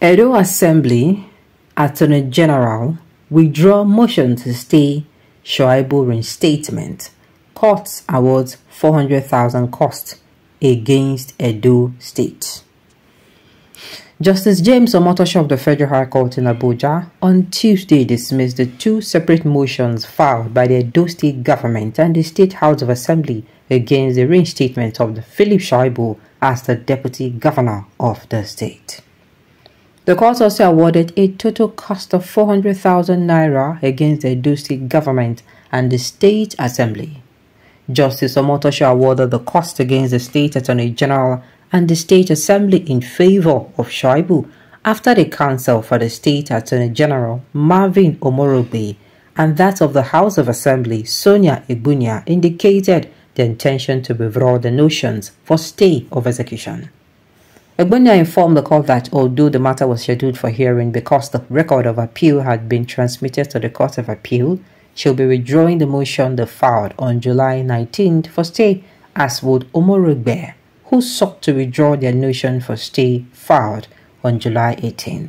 Edo Assembly, Attorney General, withdraw motion to stay Shoaibu reinstatement. Courts awards 400,000 cost against Edo State. Justice James Omotosho of the Federal High Court in Abuja on Tuesday dismissed the two separate motions filed by the Edo State government and the State House of Assembly against the reinstatement of the Philip Shaibu as the Deputy Governor of the state. The court also awarded a total cost of 400,000 naira against the Edo State government and the State Assembly. Justice Omotosho awarded the cost against the State Attorney General and the State Assembly in favor of Shaibu after the counsel for the State Attorney General Marvin Omorobe and that of the House of Assembly Sonia Ibunya indicated the intention to withdraw the notions for stay of execution. Egbonia informed the court that although the matter was scheduled for hearing because the record of appeal had been transmitted to the Court of Appeal, she'll be withdrawing the motion they filed on July 19th for stay, as would Omorugbe, who sought to withdraw their motion for stay filed on July 18th.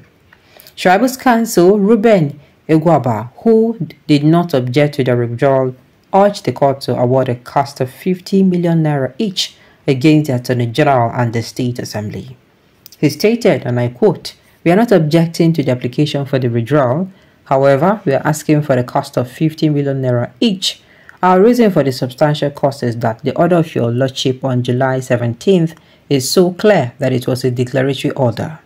Tribal's counsel, Ruben Iguaba, who did not object to the withdrawal, urged the court to award a cost of 50 million naira each against the Attorney General and the State Assembly. He stated, and I quote, We are not objecting to the application for the withdrawal. However, we are asking for the cost of 15 million naira each. Our reason for the substantial cost is that the order of your lordship on July 17th is so clear that it was a declaratory order.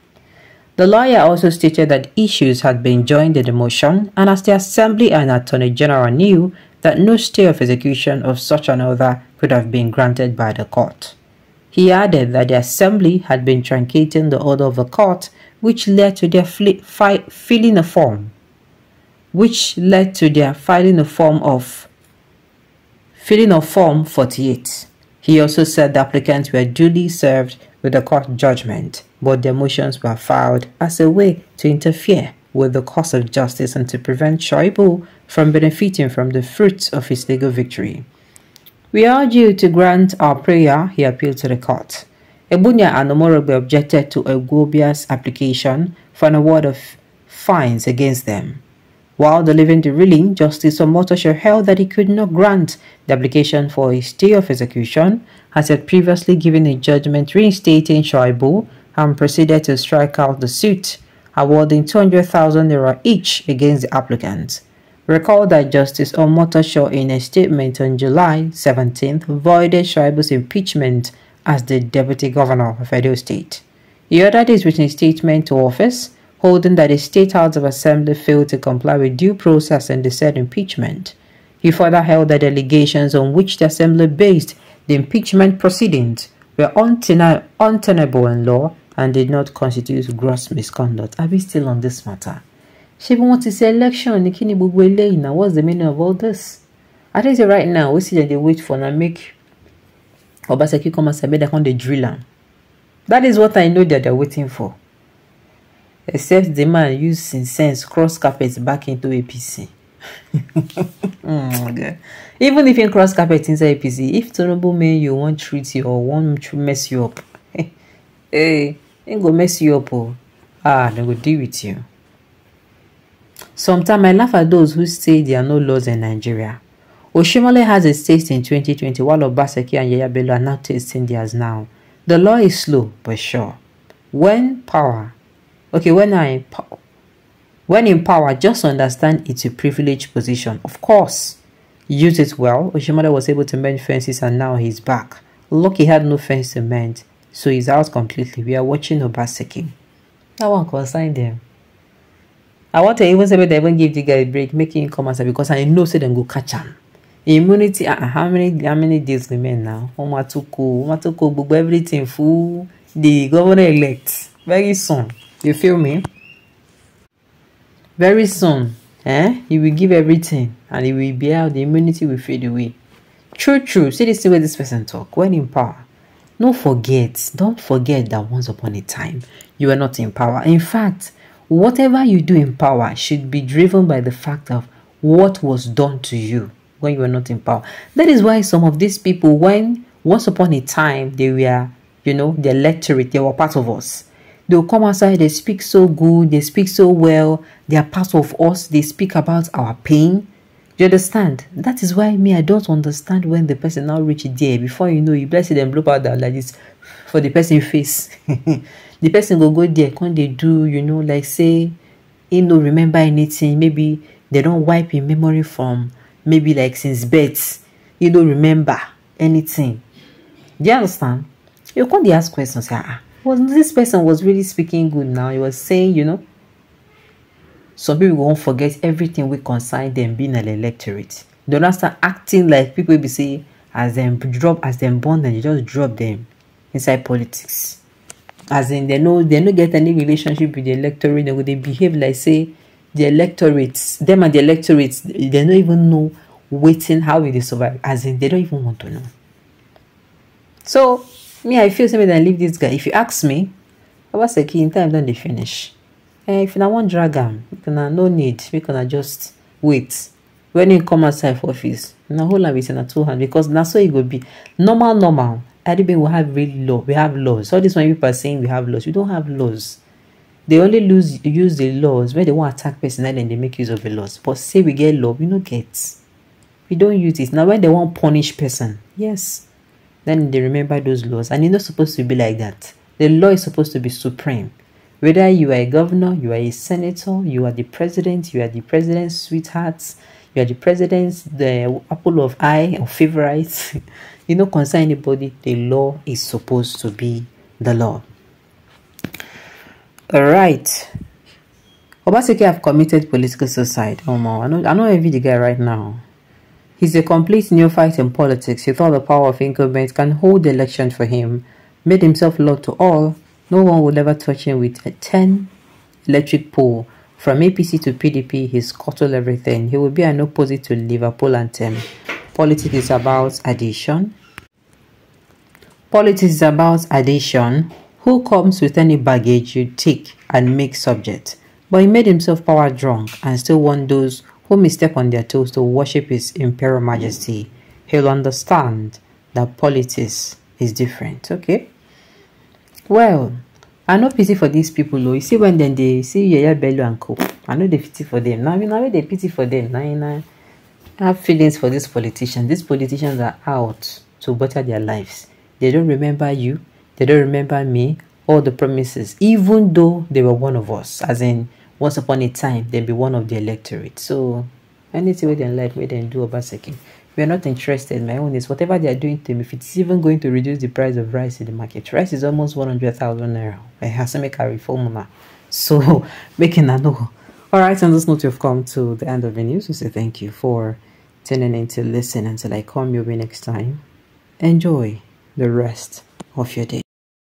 The lawyer also stated that issues had been joined in the motion and as the Assembly and Attorney General knew that no stay of execution of such an order could have been granted by the court. He added that the assembly had been truncating the order of the court, which led to their filing a form, which led to their filing a form of filling of form 48. He also said the applicants were duly served with the court judgment, but their motions were filed as a way to interfere with the course of justice and to prevent Shoibu from benefiting from the fruits of his legal victory. We urge you to grant our prayer, he appealed to the court. Ebunya and Omorogbe objected to Egobia's application for an award of fines against them. While delivering the ruling, Justice Omotosho held that he could not grant the application for a stay of execution, as he had previously given a judgment reinstating Shoaibu and proceeded to strike out the suit, awarding 200,000 naira each against the applicant. Recall that Justice Omotosho in a statement on July 17th voided Shoibu's impeachment as the deputy governor of Edo State. He ordered his written statement to office, holding that the State House of Assembly failed to comply with due process in the said impeachment. He further held that the allegations on which the Assembly based the impeachment proceedings were untenable in law and did not constitute gross misconduct. Are we still on this matter? ṣé bí wọ́n ti ṣe election ni kí ni gbogbo eléyìí na what's the meaning of all this i think say right now wetin dem dey wait for na make obaseki come out sabi dem come dey drill am that is what i know that they are waiting for except the man use him sense cross carpet back into apc mm, okay. even if him cross carpet inside apc if tinubu mean you wan treat you or wan mess you up hey, him go mess you up o oh. ah dem go deal with you. Sometimes I laugh at those who say there are no laws in Nigeria. Oshimole has a taste in 2020 while Obaseki and Yaya Bello are now tasting theirs now. The law is slow but sure. When power, okay, when I power, when in power, just understand it's a privileged position. Of course, use it well. Oshimole was able to mend fences and now he's back. Lucky had no fence to mend, so he's out completely. We are watching Obaseki. That one concerned them. i want to even say make even give the guy a break making him come outside because i know say dem go catch him. immunity ah uh, how many how many days remain now ọmọ atoko ọmọ atoko gbogbo everything full the governor elect very soon you feel me very soon eh he will give everything and he will be out the immunity will fade away true true see this thing wey this person talk when in power no forget don't forget that once upon a time you were not in power in fact Whatever you do in power should be driven by the fact of what was done to you when you were not in power. That is why some of these people, when once upon a time they were, you know, they electorate, they were part of us. They'll come outside, they speak so good, they speak so well, they are part of us, they speak about our pain, you understand? That is why me, I don't understand when the person now reach there. Before you know, you bless them, blow that like this for the person face. the person go go there, can they do, you know, like say, he no remember anything. Maybe they don't wipe in memory from maybe like since birth. He don't remember anything. Do you understand? You can't ask questions. Ah, was ah. this person was really speaking good now? He was saying, you know, some people won't forget everything we consigned them being an electorate they don't start acting like people be say as them drop as them born and you just drop them inside politics as in they no they no get any relationship with the electorate they go behave like say the electorates them and the electorates they no even know waiting how will they survive as in they don't even want to know so me i feel say make leave this guy if you ask me obaseki in time then they finish eh, if you wan drag am you una no need We una just wait When he come outside for office una hold am with a two hand because that's so it will be normal normal Adibe will have real law we have laws So this one people are saying we have laws we don't have laws they only lose, use the laws when they want attack person and then they make use of the laws but say we get law we no get we don't use it Now when they want punish person yes then they remember those laws and it's not supposed to be like that the law is supposed to be supreme whether you are a governor, you are a senator, you are the president, you are the president's sweetheart, you are the president's the apple of eye or favorite, you know, concern anybody, the law is supposed to be the law. All right. Obaseki have committed political suicide. Oh, no, I know, I know every guy right now. He's a complete neophyte in politics. He thought the power of incumbents can hold the election for him, made himself lord to all, no one will ever touch him with a 10 electric pole. From APC to PDP, he's scuttled everything. He will be an opposite to Liverpool and anthem. Politics is about addition. Politics is about addition. Who comes with any baggage you take and make subject? But he made himself power drunk and still won those who misstep on their toes to worship his imperial majesty. He'll understand that politics is different, okay? well i know pity for these people, o you see when then they see yeye bello and co i know they pity for dem na wey they pity for them. na na i have feelings for these politicians These politicians are out to better their lives they don't remember you they don't remember me all the promises even though they were one of us as in once upon a time they'd be one of the electorate so anything wey dem let wey then do second. We are not interested. My own is whatever they are doing to him, if it's even going to reduce the price of rice in the market, rice is almost 100,000 naira. Eh, I have to make a reform So, making a know. Alright, and this note, you've come to the end of the news. We say thank you for tuning in to listen until I come your way next time. Enjoy the rest of your day.